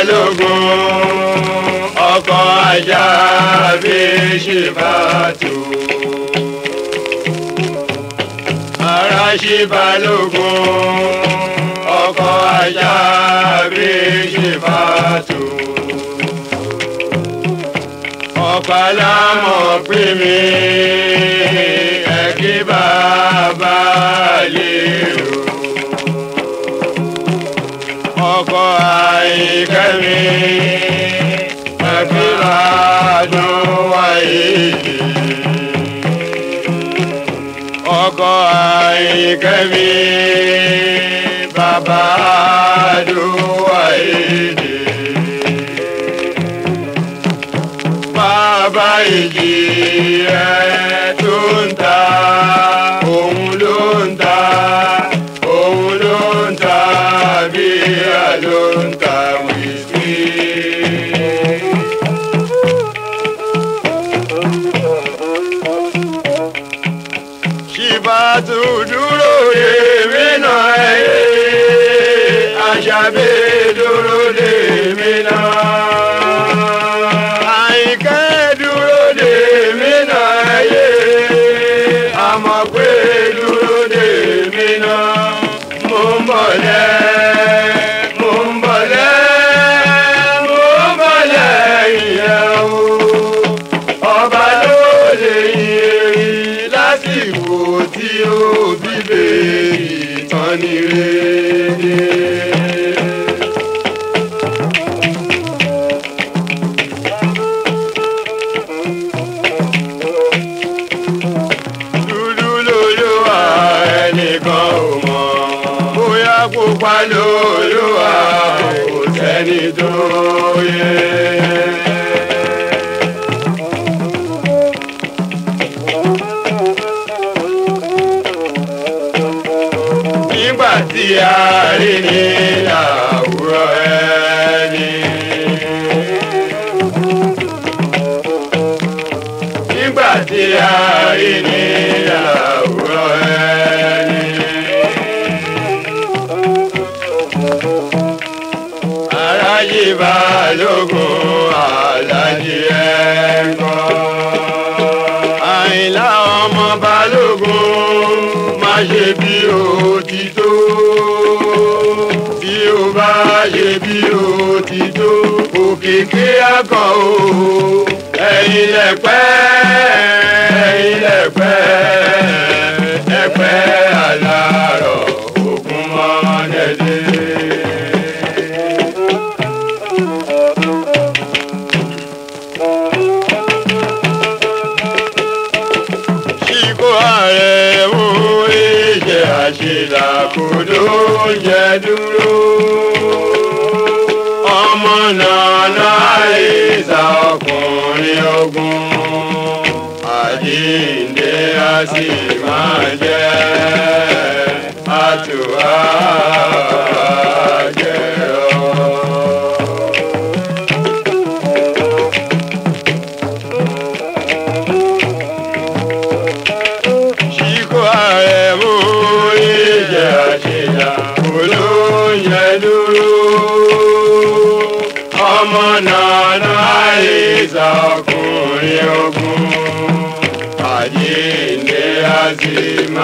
balógun ọkọ ajá bí ṣìbàtò. ara ṣì balógun ọkọ ajá bí ṣìbàtò. ọ̀pálámọ̀ pín mi ẹ̀kí bàbá lérò. ọkọ àìkẹ́mi bàbá àdúrà èdè bàbá ìjì rẹ̀. gbé dúró dè mí náà mo ń bọ̀ lẹ́yìn. ò mọ̀ bóyá pupa lóyún wa kò sẹ́ni tó yẹ. aláàjì balógun aláàjì ẹ̀kọ́. àyìnlá ọmọ balógun má ṣe bí òtítọ́ tí ó bá ṣe bí òtítọ́ òkèké akọ o ẹ̀yìn lẹ̀pẹ́. Yeah.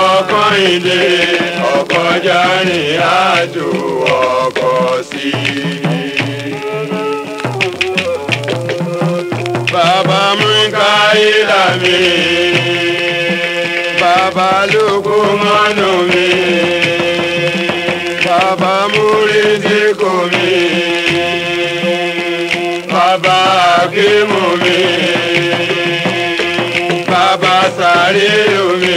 ọkọ̀ ilé ọkọ̀ jáde àjò ọkọ̀ sí i. bàbá Múkáílà mi bàbá Lúkúmánù mi bàbá Múrídìkù mi bàbá Akímù mi bàbá Sàrílù mi.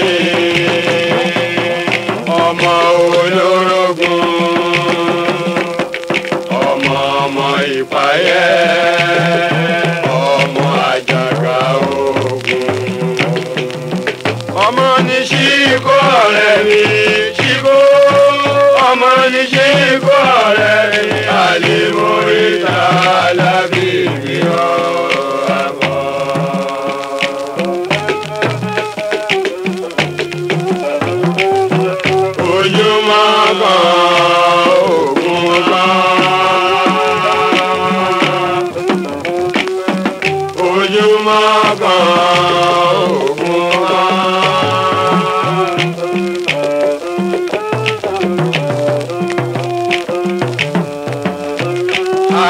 ni ṣíkó ọmọ ni ṣíkó rẹ̀.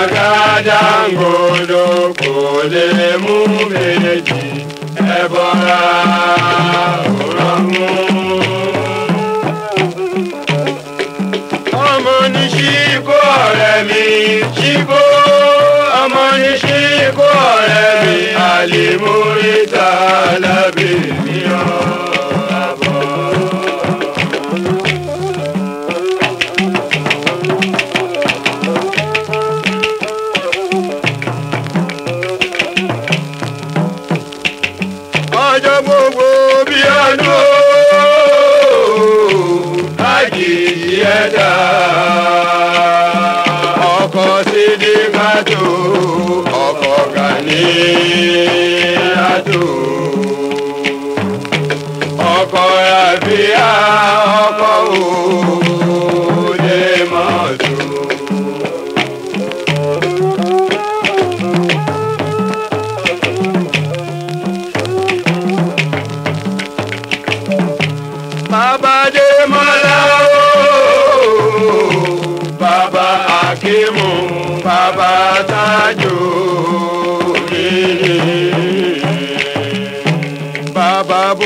àgádágodo kò lè mú méjì ẹ bọ́ra òrọ̀ mú. ọmọ ní ṣíkó ọ̀rẹ́ mi ṣíkó ọmọ ní ṣíkó ọ̀rẹ́ mi àlè mórí tá a lábẹ́ mi ọ́.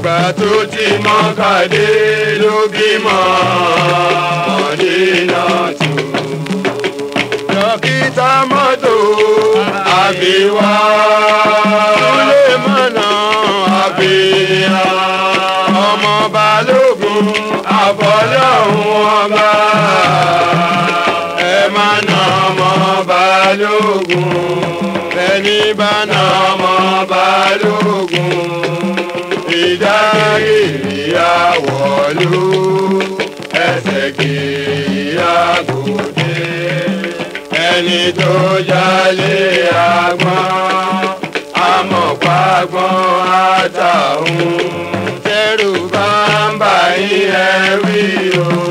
àgbà tó ti mọ́ kàdé ló bímọ nínà tó. dókítà mọ́tò àbíwá lè mọ̀nà àbíyá ọmọ balógun àbọ̀lọ́hún ọba ẹ má nà ọmọ balógun ẹni bá nà ọmọ balógun. wọ̀lú ẹsẹ̀ kì í àgùdé ẹni tó jalè àgbọn amọ̀págbọ́n àtàwọn tẹ́rù bá ń bá yín ẹ o.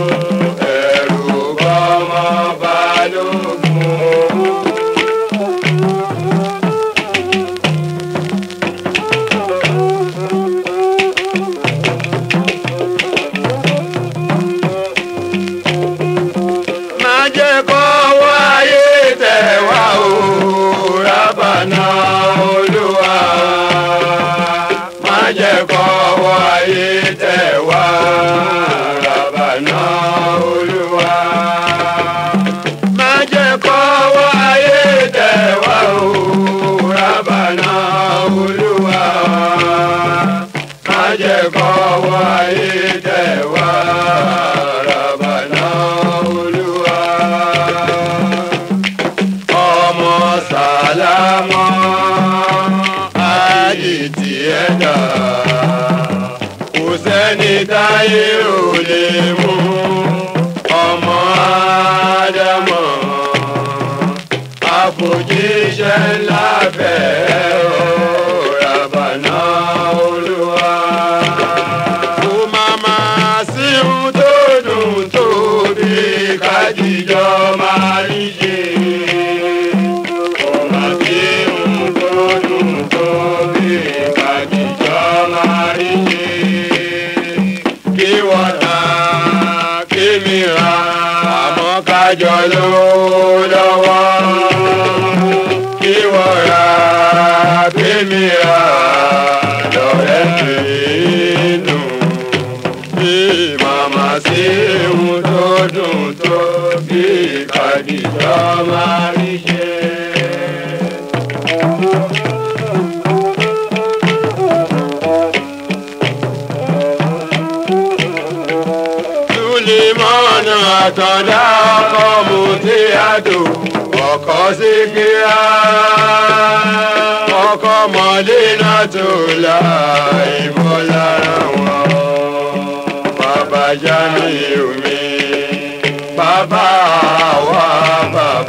Ella àtọ̀dá ọkọ mu tí a dò ọkọ sí kíá ọkọ mọ̀lẹ́ náà tó la ìbọn lára wọn bàbá já omi bàbá wa bàbá.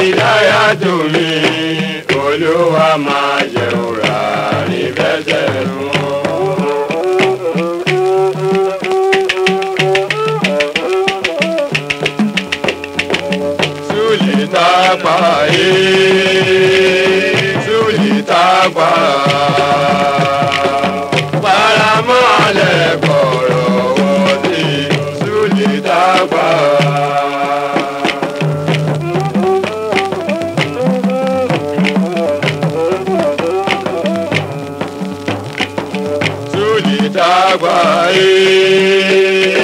ìdáyà tó mi olúwa máa jẹun rẹ̀. Jaguari.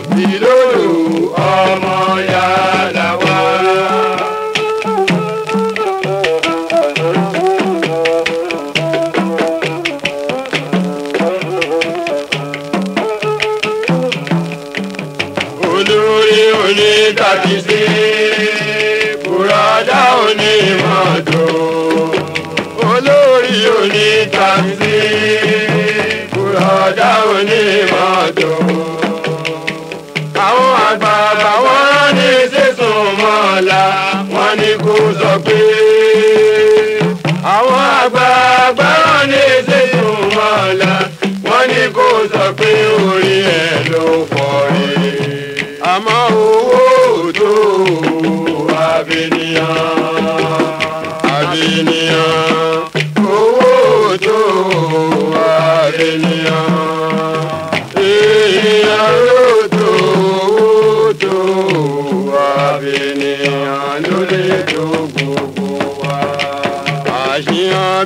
pé orí ẹ̀ ló pọ̀ rí àmọ́ owó tó àbíníyàn àbíníyàn owó tó àbíníyàn.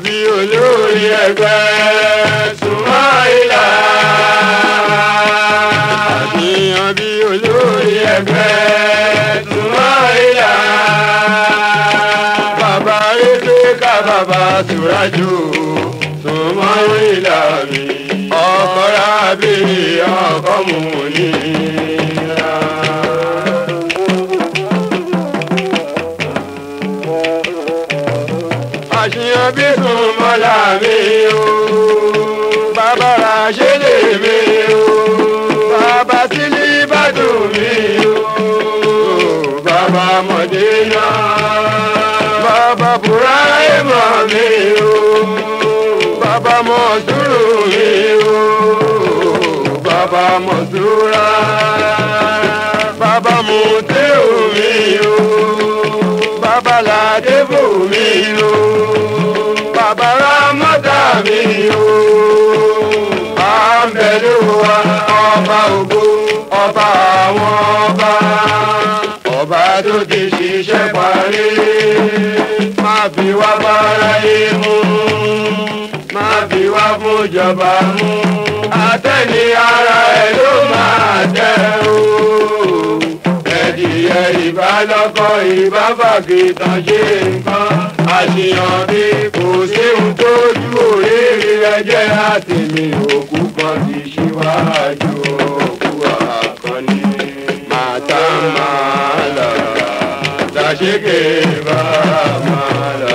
bí olórí ẹgbẹ́. túrajú tó máa ń rí làmì ọkọ rábìrì ọkọ mú mi o bàbá mọ̀dúró mi o bàbá mọ̀dúrà bàbá mọ̀dúró mi o bàbá làdébò mi o bàbá rámọ́dà mi o bá ń bẹ̀rù wa ọba ògo ọba àwọn ọba ọba tó ti má fi wá báráyé mú má fi wá fúnjọba mú àtẹni ara ẹ ló máa tẹ o ẹdìyẹ ìbálọ́kọ ìbábàgìtàn ṣe nǹkan àṣìyàn mi kò séhun tó ju òrèrè ẹjẹ àtẹmí òkú kan ti ṣíwájú òkú àkànní. que va mal.